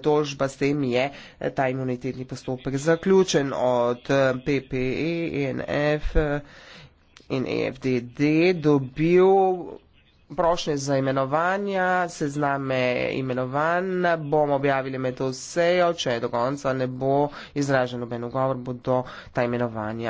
tožba, s tem je ta imunitetni postopek zaključen od PPE in F in EFDD dobil prošnje za imenovanja, sezname imenovan, bomo objavili med to sejo, če do konca ne bo izražen noben ugovor, bo do ta imenovanja.